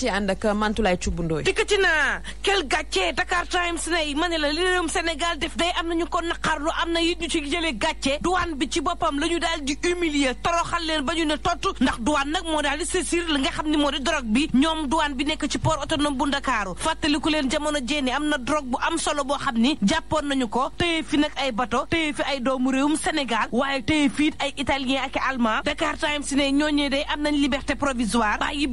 ci ànd ak Mantoulaye Thioub Ndoye dikkati naa quel gàcce Dakar Times na ma ne la li réewum Sénégal def day am nañu ko naqarlu am na it ñu ci jëlee gàcce douane bi ci boppam la ñu di humilier toroxal leen ba ñu ne tott ndax douane nag moo daal di saisir li nga xam ni moo di drogue bi ñoom douane bi nekk ci port autonome bu Ndakaaru fàttaliku leen jamono jéeni am na drogue bu am solo boo xam ni jàppoon nañu ko téye fi nag ay bato téye fi ay doomu réewum Sénégal waaye téye fi ay italien ak allemand Dakar Times ne ñooñee day am nañ liberté provisoire bàyyi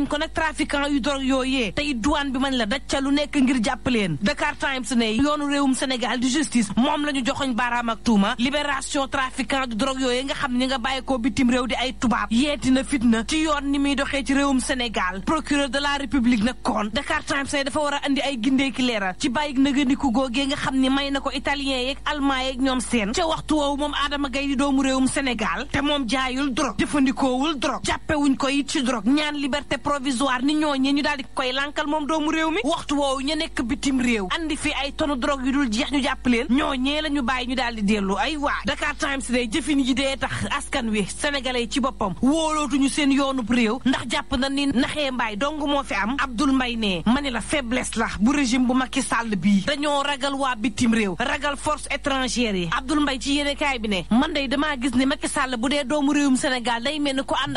nañ ko nag trafiquant yu drogue yooyee bi man la dacca lu nekk ngir jàpp leen Dakar yoonu réewum Sénégal di justice moom la ñu joxoñ baaraam ak tuuma libération trafiquant du drogue nga xam ni nga bàyyi ko bitim réew di ay tubaab yeeti na fitna ci yoon ni muy doxee ci réewum Sénégal procureur de la république nag kon Dakar Times ne dafa war a andi ay gindeeki leeral ci bàyyi naganiku googee nga xam ni may na ko italien yeeg allemand yeeg ñoom seen ca waxtu woowu moom Adama gay di doomu réewum Sénégal te moom jaayul drogue jëfandikoowul drogue jàppewuñ ko it ci drogue ñaan liberté provisoire ni ñooñee ñu daal koy lànkal moom doomu réew mi waxtu woowu ñu nekk bitim réew andi fi ay tonu drogue yu dul jeex ñu jàpp leen ñooñee la ñu bàyyi ñu daal di dellu ay waa Dakar Times day jëfin yi dee tax askan wi yi ci boppam wóolootuñu seen yoonub réew ndax jàpp na ni naxee mbay dong moo fi am Abdoul Mbaye ne ma ne la faiblesse la bu régime bu Macky sàll bii dañoo ragal waa bitim réew ragal force étrangère yi Abdoul mbay ci yéenekaay bi ne man day damaa gis ne Macky Sall bu dee doomu réewum Sénégal day mel ni ko ànd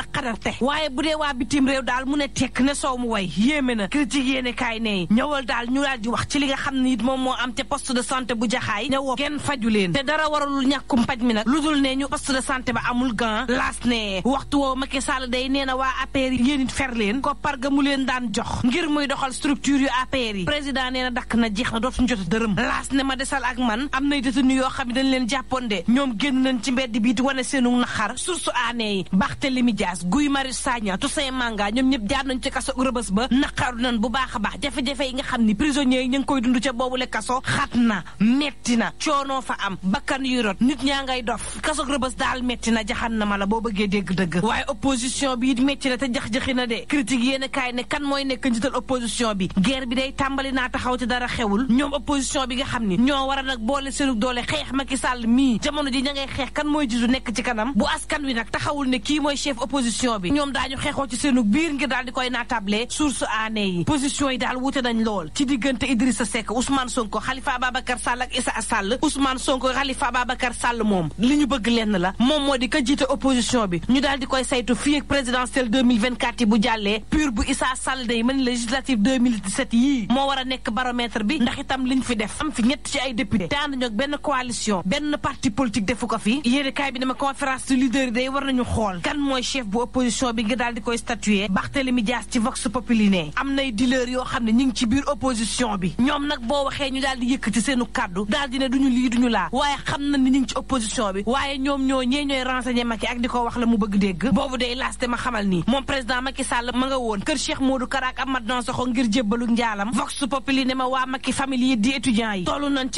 ne tekk ne soow mu way yéeme na critique yéene kaay ne ñëwal daal ñu daal di wax ci li nga xam ne moom moo am te poste de santé bu jaxaay ne woo kenn faju leen te dara waralul ñàkkum paj mi nag lu dul ne ñu poste de santé ba amul gan laas ne waxtu woo Macky Sall day nee na waa yi yéen it fer leen koppar ga mu leen daan jox ngir muy doxal structure yu APR yi président nee na dakk na jeex na dootuñu jot dërëm laas ne ma desal ak man am nay détenu yoo xam ne dañ leen jàppoon de ñoom génn nañ ci mbedd bi di wane seenu naxar Guy Marius Sagna Toussaint jaar nañ ci kaso rëbës ba naqaru nañ bu baax a baax jafe-jafe yi nga xam ni prisonniers yi ñu ngi koy dund ca boobu le kaso xat na metti na coonoo fa am bakkan yu rot nit ñaa ngay dof kaso rëbës daal metti na jaxan na ma la boo bëggee dégg dëgg waaye opposition bi it metti na te jax-jaxi na de critique yéen a kaay ne kan mooy nekk njiital opposition bi guerre bi day tàmbali naa taxaw ci dara xewul ñoom opposition bi nga xam ni ñoo war a nag boole seenu doole xeex Macky Sall mii jamono ji ña ngay xeex kan mooy jisu nekk ci kanam bu askan wi nag taxawul ne kii mooy chef opposition bi ñoom daañu ci seenu biir ngir daal di koy naatable source aané e yi position yi daal wute nañ lool ci diggante Idrissa Seck Ousmane Sonko Khalifa Ababacar Sall ak Issa Sall Ousmane Sonko Khalifa Ababacar Sall moom li ñu bëgg lenn la moom moo di ka jiite opposition bi ñu daal di koy saytu fii ak présidentielle 2024 yi bu jàllee pur bu Issa Sall day mën législative 2017 yii moo war a nekk baromètre bi ndax itam ñu fi def am fi ñett ci ay député te ànd ñoog benn coalition benn parti politique defu ko fi yéene kaay bi dama conférence de leader war nañu xool kan mooy chef bu bi nga daal di koy statuer Barthélemy Dias ci Vox Populi ne am nay dealers yoo xam ne ñu ngi ci biir opposition bi ñoom nag boo waxee ñu daal di yëkkati seenu kàddu daal di duñu lii duñu laa waaye xam na ni ñu ci opposition bi waaye ñoom ñoo ñee ñooy renseigné Macky ak di ko wax la mu bëgg dégg boobu day laaste ma xamal nii moom président Macky Sall ma nga woon kër Cheikh Modou Karaak Amath Dansokho ngir jébbalu njaalam Vox Populi ma waa Macky famille yi di étudiants yi toll nañ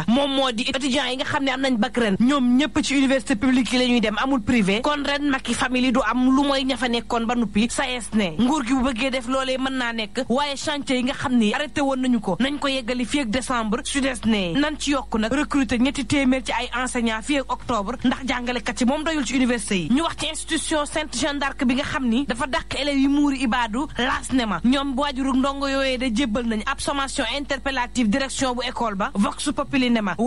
ci moo di étudiants yi nga xam ne am nañ bac ren ñoom ñëpp ci université publique yi la dem amul privé kon ren Macky famille du am lu mooy ña nekkoon ba nuppi saes ne nguur gi bu bëggee def loolee mën naa nekk waaye chantier yi nga xam ni arrêté woon nañu ko nañ ko yeggali fii ak décembre sudes ne nan ci yokk nag recruter ñetti téeméer ci ay enseignants fii ak octobre ndax jàngalekat yi moom doyul ci université yi ñu wax ci institution Sainte Jeanne d'Arc bi nga ni dafa dàq élèves yi muuri ibaadu laas ne ma ñoom waajuru ndongo yooyee da nañ ab sommation interpellative direction bu école ba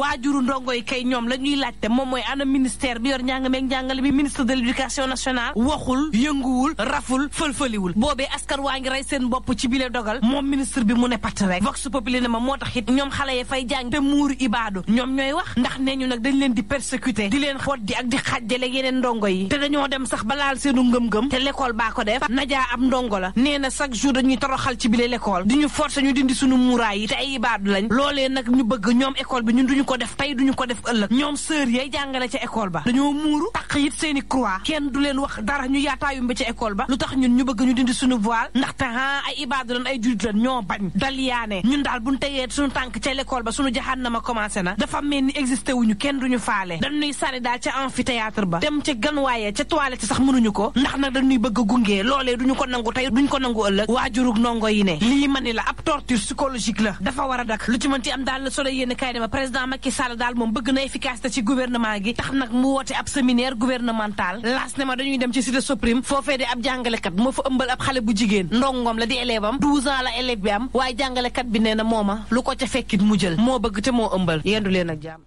wajuru ndongo yi kay ñom la ñuy laajte mom moy ana ministère bi yor ñang meeg njàngale bi ministre de l'éducation nationale waxul yënguwul raful feulfeuliwul bobé askar waa ngi rey seen bop ci bile dogal mom ministre bi mu ne pat rek vox populi ne ma moo tax it ñoom xale yi fay jang te mur ibaadu ñom ñoy wax ndax neñu nak dañ leen di persécuter di leen xot di ak di ak yeneen ndongo yi te dañoo dem sax balal seenu ngëm-ngëm te l'école ba ko def nadia ab ndongo la neena chaque jour dañuy toroxal ci bile l'école di ñu forcer ñu dindi suñu muuraay yi te ay ibaadu lañ lolé nag ñu bëgg ñom école bi ñun duñu ko ko def tey duñu ko def ëllëg ñoom sœur yay jàngale ca école ba dañoo muuru taq it seeni croix kenn du leen wax dara ñu yaataayum ba ca école ba lu tax ñun ñu bëgg ñu dindi suñu voile ndaxte ah ay ibaadu lan ay jullit lan ñoo bañ daliyaane ñun daal buñ teyee suñu tànk ca l'école ba suñu jahannama commencé na dafa mel ni existé wuñu kenn duñu faale dañuy sànni daal ca amphithéâtre ba dem ca ganwaaye ca toilette sax mënuñu ko ndax nag dañuy bëgg a a Macky Sall daal moom bëgg na efficacité ci gouvernement gi tax nag mu woote ab séminaire gouvernemental laas ma dañuy dem ci cité suprime foofee di ab jàngalekat moo fa ëmbal ab xale bu jigéen ndongoom la di élève am 12 ans la élève bi am waaye jàngalekat bi nee na mooma lu ko ca fekkit mu jël moo bëgg te moo ëmbal yendu leen ak jàmm